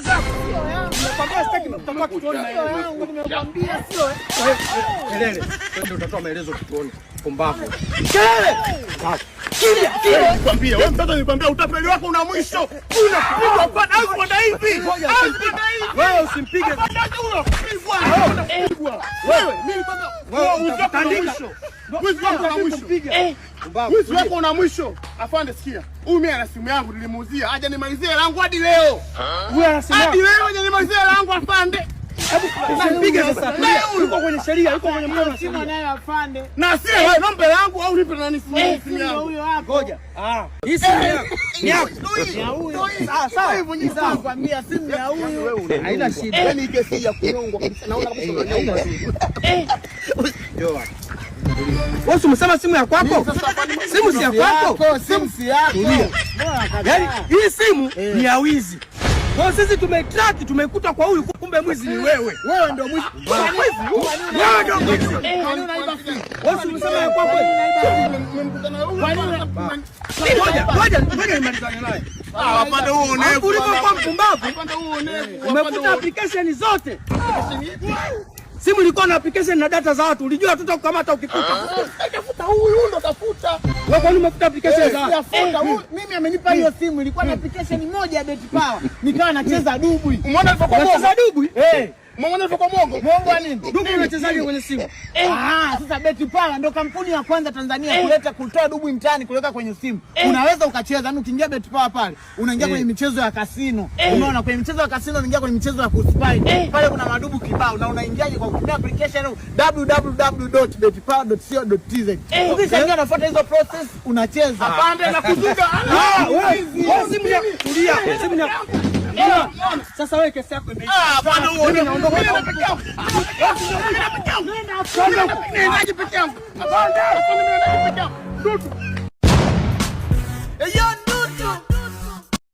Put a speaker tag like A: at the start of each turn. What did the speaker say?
A: mbele zako. utapeli wako una mwisho. Unapigwa wako una mwisho. Eh. Wizi wako una mwisho. Afande, sikia. Huyu mimi ana simu yangu nilimuuzia. Aje nimalizie langu hadi leo. Huyu ana simu. Hadi leo aje nimalizie langu afande. Hebu Usimpige sasa. Yuko kwenye sheria, yuko kwenye mkono na simu naye afande. Na si wewe nombe langu au nipe nani simu eh, yangu. Huyo hapo. Ngoja. Ah. ah. Hii simu eh, yako. Eh, Ni yako. Ni huyo. Ah, sawa sawa. Hivyo mwenye sawa kwambia simu ya huyo. Haina shida. Yaani kesi ya kunyongwa kabisa. Naona kabisa. Eh kama simu ya kwako, simu si ya kwako, simu si yako. Yaani hii simu eh. ni ya wizi. Kwa sisi tumetrack tumekuta kwa huyu, kumbe mwizi ni wewe. Wewe ndio mwizi. Wewe ndio mwizi. Wewe unasema ya kwako. Ngoja, ngoja nimalizane naye. Ah, pande huo unevu. mpumbavu. Umekuta application zote. Simu ilikuwa na application na data za watu. Ulijua tutakukamata ukikuta. Ah tafuta huyu, ndo tafuta wewe. Kwani umefuta application eh, za eh, eh. mimi? Amenipa hiyo simu, ilikuwa na application moja ya Beti Power, nikawa nacheza dubwi. Umeona nilipokuwa nacheza dubwi eh Mwongo kwa mwongo. Mwongo wa nini? Dubu unachezaje kwenye simu? Eh. Eh. Ah, sasa Beti ndo kampuni ya kwanza Tanzania eh. kuleta kutoa dubu mtaani kuweka kwenye simu. Unaweza ukacheza, yani ukiingia Beti pale, unaingia kwenye michezo ya kasino. Unaona kwenye michezo ya kasino unaingia kwenye michezo ya kuspy. Pale kuna madubu kibao na unaingiaje kwa kutumia application www.betpala.co.tz. Ukishaingia unafuata hizo process unacheza. Hapana na kuzuka. Ah, wewe. Simu ya kulia. Simu ya sasa wewe kesi yako imeisha. Ah, bwana huo. Mimi naondoka. Mimi napitia. Mimi napitia. Mimi napitia. Mimi napitia. Mimi napitia.